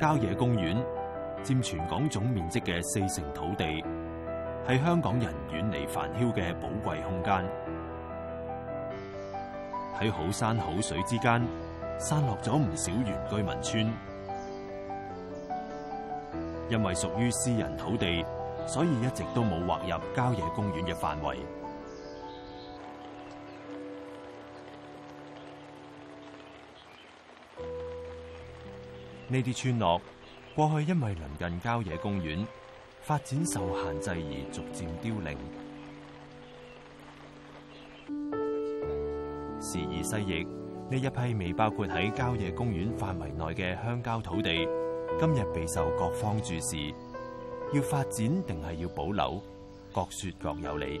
郊野公園。佔全港總面積嘅四成土地，係香港人遠離繁囂嘅寶貴空間。喺好山好水之間，散落咗唔少原居民村。因為屬於私人土地，所以一直都冇劃入郊野公園嘅範圍。呢啲村落。過去因為鄰近郊野公園，發展受限制而逐漸凋零。時移世易，呢一批未包括喺郊野公園範圍內嘅鄉郊土地，今日備受各方注視，要發展定係要保留，各說各有理。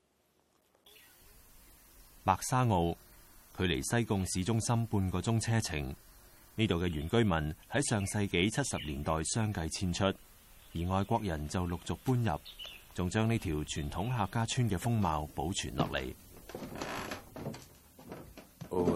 白沙澳，距離西貢市中心半個鐘車程。呢度嘅原居民喺上世紀七十年代相繼遷出，而外國人就陸續搬入，仲將呢條傳統客家村嘅風貌保存落嚟。Oh,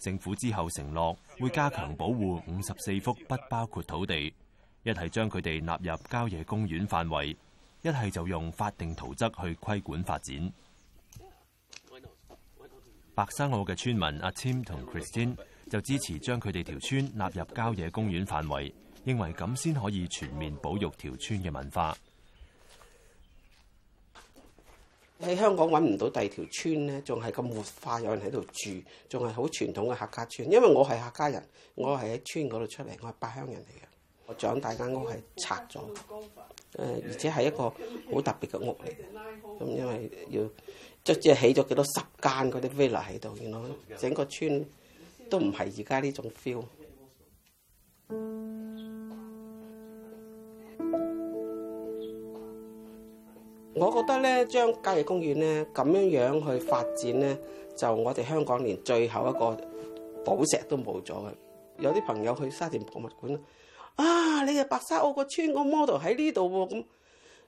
政府之後承諾會加強保護五十四幅不包括土地，一係將佢哋納入郊野公園範圍，一係就用法定圖則去規管發展。白沙澳嘅村民阿簽同 Christine 就支持將佢哋條村納入郊野公園範圍，認為咁先可以全面保育條村嘅文化。喺香港揾唔到第二條村咧，仲係咁活化，有人喺度住，仲係好傳統嘅客家村。因為我係客家人，我係喺村嗰度出嚟，我係八鄉人嚟嘅。我長大間屋係拆咗，誒，而且係一個好特別嘅屋嚟嘅。咁因為要即係起咗幾多十間嗰啲 villa 喺度，原來整個村都唔係而家呢種 feel。我覺得咧，將郊野公園咧咁樣樣去發展咧，就我哋香港連最後一個寶石都冇咗嘅。有啲朋友去沙田博物館啊，你係白沙澳個村個 model 喺呢度喎，咁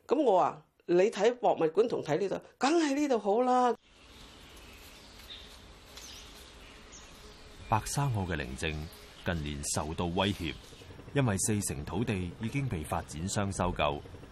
咁我話你睇博物館同睇呢度，梗係呢度好啦。白沙澳嘅寧靜近年受到威脅，因為四成土地已經被發展商收購。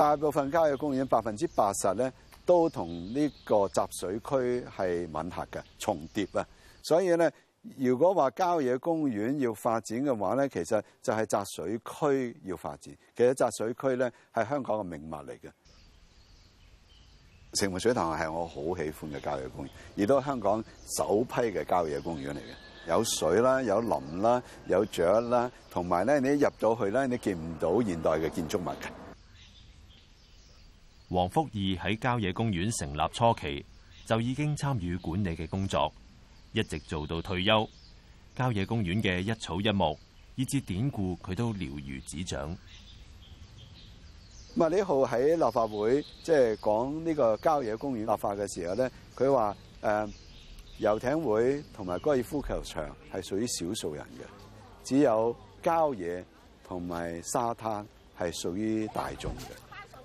大部分郊野公園百分之八十咧都同呢個集水區係吻合嘅重疊啊！所以咧，如果話郊野公園要發展嘅話咧，其實就係集水區要發展。其實集水區咧係香港嘅命脈嚟嘅。城門水塘係我好喜歡嘅郊野公園，亦都係香港首批嘅郊野公園嚟嘅。有水啦，有林啦，有雀啦，同埋咧，你一入到去咧，你見唔到現代嘅建築物嘅。王福義喺郊野公園成立初期就已經參與管理嘅工作，一直做到退休。郊野公園嘅一草一木，以至典故，佢都了如指掌。麥理浩喺立法會即係講呢個郊野公園立法嘅時候咧，佢話誒，遊艇會同埋高爾夫球場係屬於少數人嘅，只有郊野同埋沙灘係屬於大眾嘅。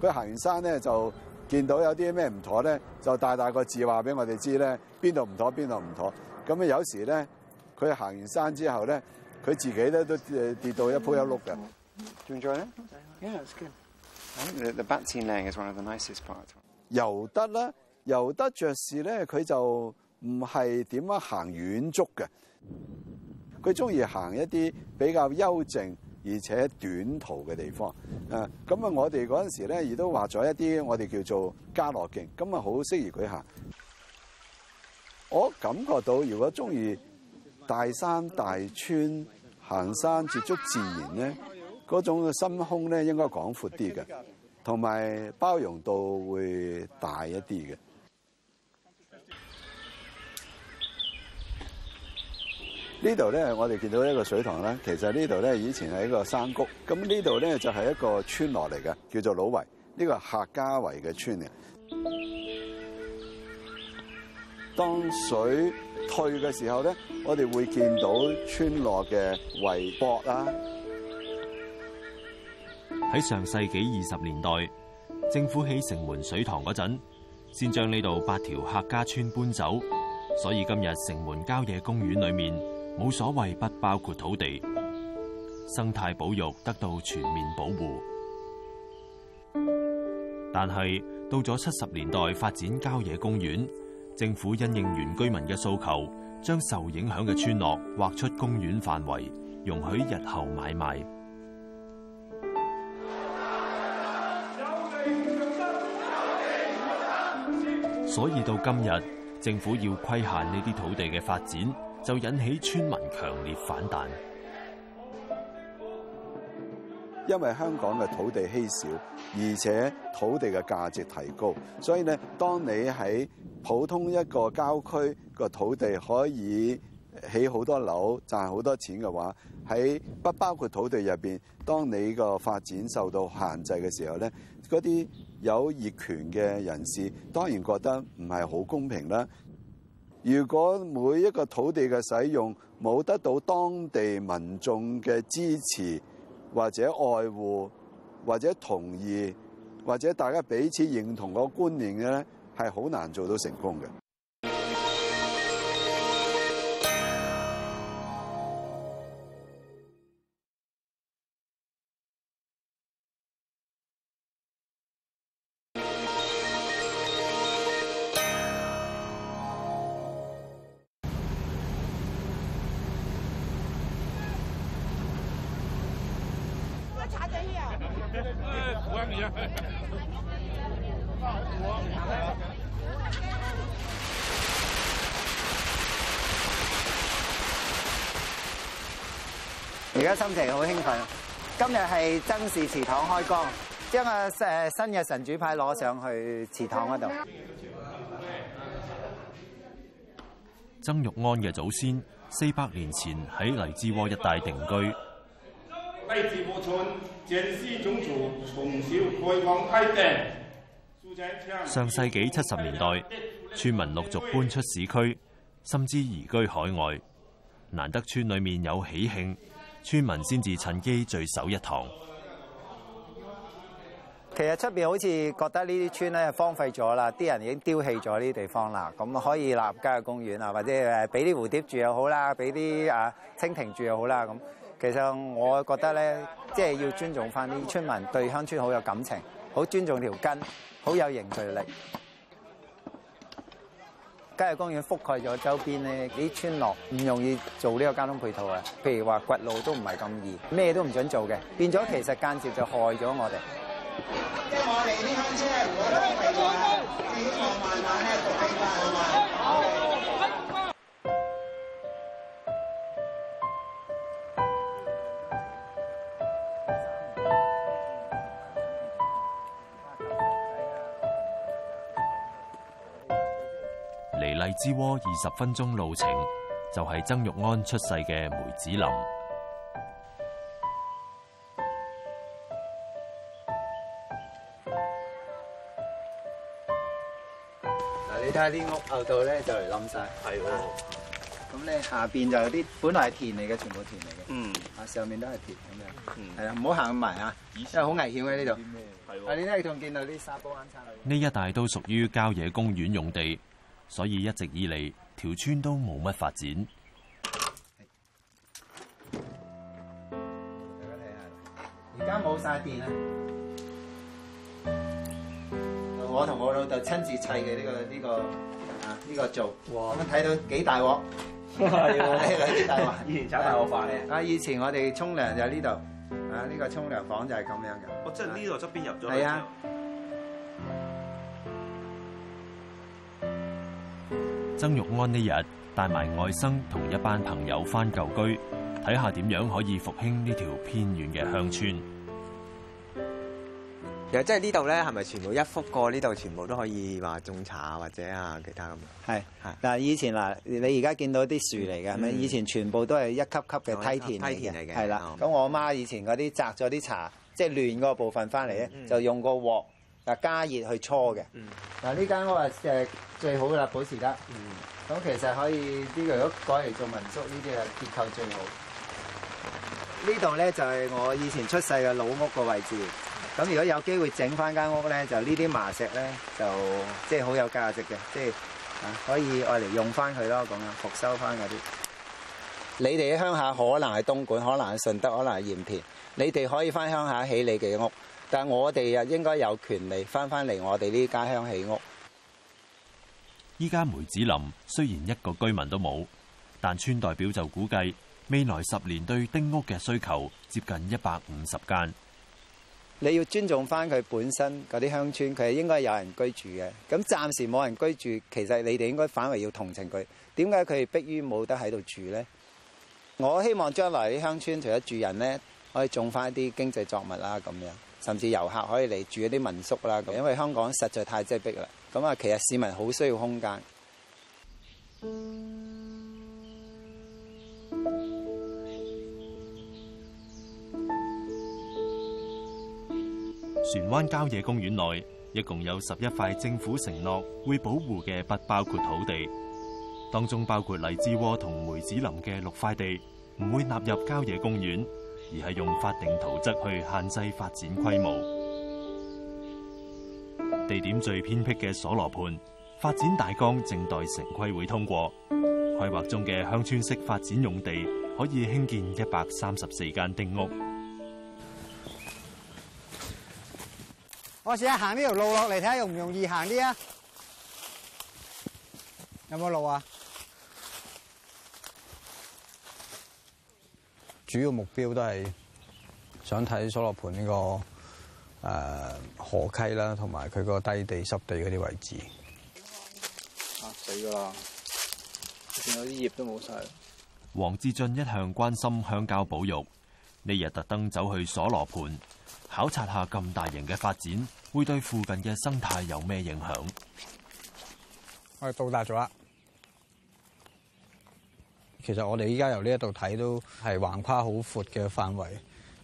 佢行完山咧，就見到有啲咩唔妥咧，就大大個字話俾我哋知咧，邊度唔妥，邊度唔妥。咁啊，有時咧，佢行完山之後咧，佢自己咧都跌到一鋪一碌嘅。仲在咧？The mountain range is one of the nicest part。遊得啦，遊得爵士咧，佢就唔係點樣行遠足嘅，佢中意行一啲比較幽靜。而且短途嘅地方，誒咁啊！我哋嗰陣時咧，亦都畫咗一啲我哋叫做家樂徑，咁啊好適宜佢行。我感覺到，如果鍾意大山大川行山，接觸自然咧，嗰種心胸咧應該廣闊啲嘅，同埋包容度會大一啲嘅。呢度咧，我哋見到一個水塘咧。其實呢度咧，以前係一個山谷。咁呢度咧，就係一個村落嚟嘅，叫做老圍。呢個係客家圍嘅村嘅。當水退嘅時候咧，我哋會見到村落嘅圍壆啦。喺上世紀二十年代，政府起城門水塘嗰陣，先將呢度八條客家村搬走，所以今日城門郊野公園裏面。冇所謂，不包括土地生態保育得到全面保護。但係到咗七十年代發展郊野公園，政府因應原居民嘅訴求，將受影響嘅村落劃出公園範圍，容許日後買賣。所以到今日，政府要規限呢啲土地嘅發展。就引起村民強烈反彈，因為香港嘅土地稀少，而且土地嘅價值提高，所以咧，當你喺普通一個郊區個土地可以起好多樓賺好多錢嘅話，喺不包括土地入邊，當你個發展受到限制嘅時候咧，嗰啲有業權嘅人士當然覺得唔係好公平啦。如果每一個土地嘅使用冇得到當地民眾嘅支持，或者愛護或者同意，或者大家彼此認同個觀念嘅咧，係好難做到成功嘅。而家心情好興奮，今日係曾氏祠堂開光，將誒新嘅神主牌攞上去祠堂嗰度。曾玉安嘅祖先四百年前喺荔枝窩一帶定居。上世紀七十年代，村民陸續搬出市區，甚至移居海外。難得村裏面有喜慶，村民先至趁機聚首一堂。其實出邊好似覺得呢啲村咧荒廢咗啦，啲人已經丟棄咗呢啲地方啦。咁可以立街嘅公園啊，或者誒俾啲蝴蝶住又好啦，俾啲啊蜻蜓住又好啦咁。其實我覺得咧，即係要尊重翻啲村民，對鄉村好有感情，好尊重條根，好有凝聚力。郊野公園覆蓋咗周邊咧，啲村落唔容易做呢個交通配套啊。譬如話掘路都唔係咁易，咩都唔準做嘅，變咗其實間接就害咗我哋。我之窩二十分鐘路程就係、是、曾玉安出世嘅梅子林。嗱，你睇下啲屋後度咧就嚟冧晒，係咁、啊、你下邊就有啲本來係田嚟嘅，全部田嚟嘅。嗯，啊上面都係田咁樣，係啊，唔好行埋啊，因為好危險嘅呢度。係、啊、你睇仲見到啲沙包掹沙，呢一帶都屬於郊野公園用地。所以一直以嚟，條村都冇乜發展。而家冇晒電。我同我老豆親自砌嘅呢個呢個啊呢個做。哇！睇到幾大鑊，大鑊。以前炒大鑊飯啊！ 以前我哋沖涼就喺呢度，啊、這、呢個沖涼房就係咁樣嘅。哦，即係呢度側邊入咗嚟啊。看看。曾玉安呢日帶埋外甥同一班朋友翻舊居，睇下點樣可以復興呢條偏遠嘅鄉村。其實即係呢度咧，係咪全部一幅過？呢度全部都可以話種茶或者啊其他咁。係係嗱，以前嗱，你而家見到啲樹嚟嘅，係咪、嗯、以前全部都係一級級嘅梯田，哦、梯田嚟嘅，係啦。咁我阿媽以前嗰啲摘咗啲茶，即係亂嗰個部分翻嚟咧，就用個鑊。加熱去搓嘅。嗱、嗯，呢間屋啊，誒最好啦，保持得。咁、嗯、其實可以，呢、這個、如果改嚟做民宿呢啲啊，結、這個、構最好的。嗯、這裡呢度咧就係、是、我以前出世嘅老屋個位置。咁、嗯、如果有機會整翻間屋咧，就呢啲麻石咧，就即係好有價值嘅，即、就、係、是、可以愛嚟用翻佢咯，講緊復修翻嗰啲。你哋喺鄉下，可能係東莞，可能係順德，可能係鹽田，你哋可以翻鄉下起你哋嘅屋。但我哋啊，應該有權利翻返嚟我哋呢家鄉起屋。依家梅子林雖然一個居民都冇，但村代表就估計未來十年對丁屋嘅需求接近一百五十間。你要尊重翻佢本身嗰啲鄉村，佢係應該有人居住嘅。咁暫時冇人居住，其實你哋應該反為要同情佢。點解佢係逼於冇得喺度住咧？我希望將來啲鄉村除咗住人咧。可以種翻一啲經濟作物啦，咁樣甚至遊客可以嚟住一啲民宿啦。因為香港實在太擠迫啦，咁啊，其實市民好需要空間。船灣郊野公園內一共有十一塊政府承諾會保護嘅不包括土地，當中包括荔枝窩同梅子林嘅六塊地，唔會納入郊野公園。而係用法定圖則去限制發展規模。地點最偏僻嘅鎖羅盤發展大綱，正待城規會通過。規劃中嘅鄉村式發展用地，可以興建一百三十四間丁屋。我試下行呢條路落嚟，睇下容唔容易行啲啊？有冇路啊？主要目標都係想睇鎖羅盆呢個誒、呃、河溪啦，同埋佢個低地、濕地嗰啲位置。嚇死噶啦！見到啲葉都冇晒。黃志俊一向關心鄉郊保育，呢日特登走去鎖羅盆考察下咁大型嘅發展會對附近嘅生態有咩影響。我哋到達咗啦。其實我哋依家由呢一度睇都係橫跨好闊嘅範圍，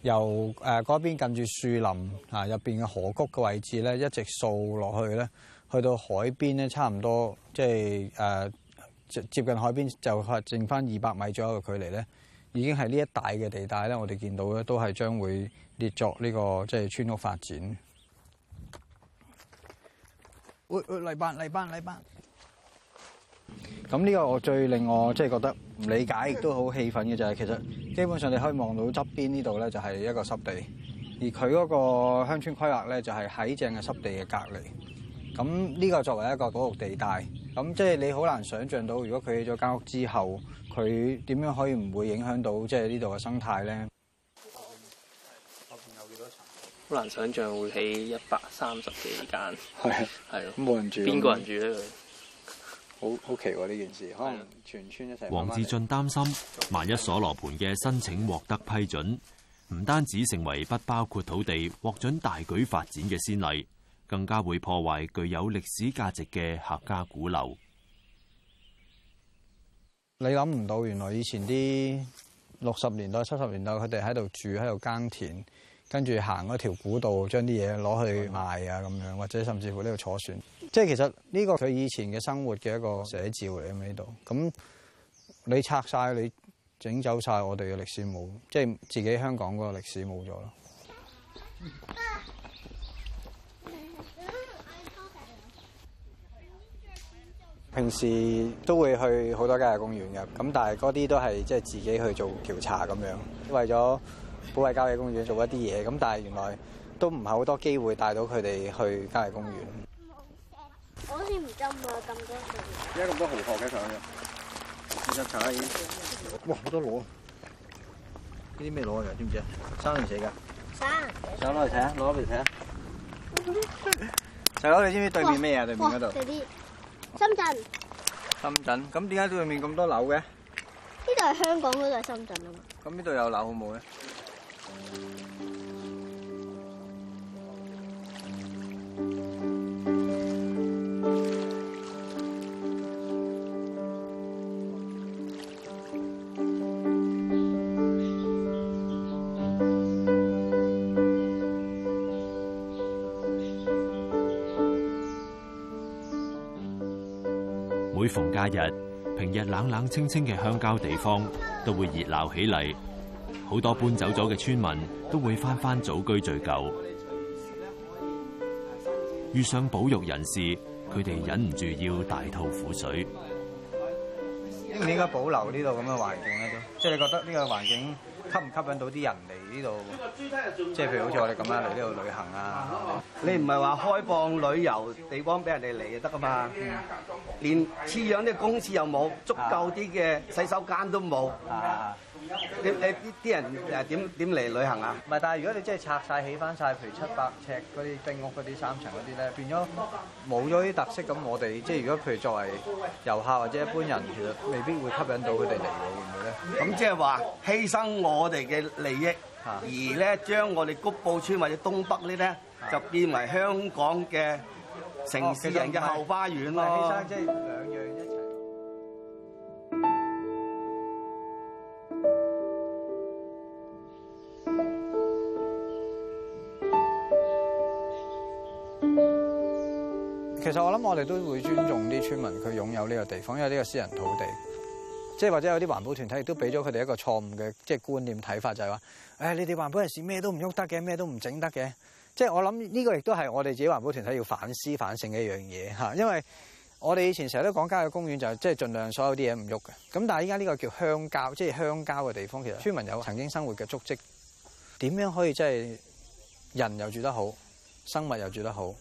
由嗰邊近住樹林入面嘅河谷嘅位置咧，一直掃落去咧，去到海邊咧，差唔多即係接近海邊就剩翻二百米左右嘅距離咧，已經係呢一帶嘅地帶咧，我哋見到咧都係將會列作呢、這個即係、就是、村屋發展。會會嚟班嚟班嚟班。哎咁呢個我最令我即係、就是、覺得唔理解，亦都好氣憤嘅就係、是，其實基本上你可以望到側邊呢度咧，就係一個濕地，而佢嗰個鄉村規劃咧，就係喺正嘅濕地嘅隔離。咁呢個作為一個保護地帶，咁即係你好難想象到，如果佢起咗間屋之後，佢點樣可以唔會影響到即係、就是、呢度嘅生態咧？有幾多層好難想象會起一百三十幾間，係 啊，係冇人住，邊個人住咧？佢？ 好好奇呢件事，可能全村一齊。王志俊擔心，萬一所羅盤嘅申請獲得批准，唔單止成為不包括土地獲准大舉發展嘅先例，更加會破壞具有歷史價值嘅客家古樓。你諗唔到，原來以前啲六十年代、七十年代，佢哋喺度住，喺度耕田。跟住行嗰條古道，將啲嘢攞去賣啊咁樣，或者甚至乎呢個坐船，即係其實呢個佢以前嘅生活嘅一個寫照嚟咁喺度。咁你拆晒，你整走晒我哋嘅歷史冇，即係自己香港個歷史冇咗囉、嗯、平時都會去好多街嘅公園嘅，咁但係嗰啲都係即係自己去做調查咁樣，為咗，保衛郊野公園做一啲嘢，咁但係原來都唔係好多機會帶到佢哋去郊野公園。冇嘢，我好似唔得嘛，咁多。而家咁多紅殼嘅蟲啊！你想踩？哇，好多螺！呢啲咩螺啊？又知唔知啊？生定死噶？生。想攞嚟睇，攞嚟睇。想攞嚟你知唔知對面咩啊？對面嗰度。深圳。深圳，咁點解對面咁多樓嘅？呢度係香港，嗰度係深圳啊嘛。咁呢度有樓好唔好咧？每逢假日，平日冷冷清清嘅鄉郊地方，都會熱鬧起嚟。好多搬走咗嘅村民都會翻返祖居聚舊，遇上保育人士，佢哋忍唔住要大吐苦水。應唔應該保留呢度咁嘅環境咧？都即係你覺得呢個環境吸唔吸引到啲人嚟呢度？即係譬如好似我哋咁樣嚟呢度旅行啊、嗯，你唔係話開放旅遊地方俾人哋嚟就得噶嘛？連似樣啲公廁又冇，足夠啲嘅洗手間都冇。啊。你你啲啲人誒點點嚟旅行啊？唔係，但係如果你真係拆曬起翻曬，譬如七百尺嗰啲丁屋嗰啲三層嗰啲咧，變咗冇咗啲特色，咁我哋即係如果譬如作為遊客或者一般人，其實未必會吸引到佢哋嚟，會唔會咧？咁即係話犧牲我哋嘅利益，而咧將我哋谷埔村或者東北呢咧，就變為香港嘅城市人嘅後花園咯。犧牲即係兩樣。其實我諗我哋都會尊重啲村民佢擁有呢個地方，因為呢個私人土地，即係或者有啲環保團體亦都俾咗佢哋一個錯誤嘅即係觀念睇法，就係話，誒，你哋環保人士咩都唔喐得嘅，咩都唔整得嘅，即係我諗呢個亦都係我哋自己環保團體要反思反省嘅一樣嘢吓。因為我哋以前成日都講郊野公園就係即係盡量所有啲嘢唔喐嘅，咁但係依家呢個叫鄉郊，即係鄉郊嘅地方，其實村民有曾經生活嘅足跡，點樣可以即係人又住得好，生物又住得好，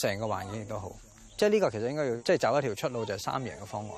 成個環境亦都好？即係呢個，其實應該要，即係走一條出路就係三贏嘅方案。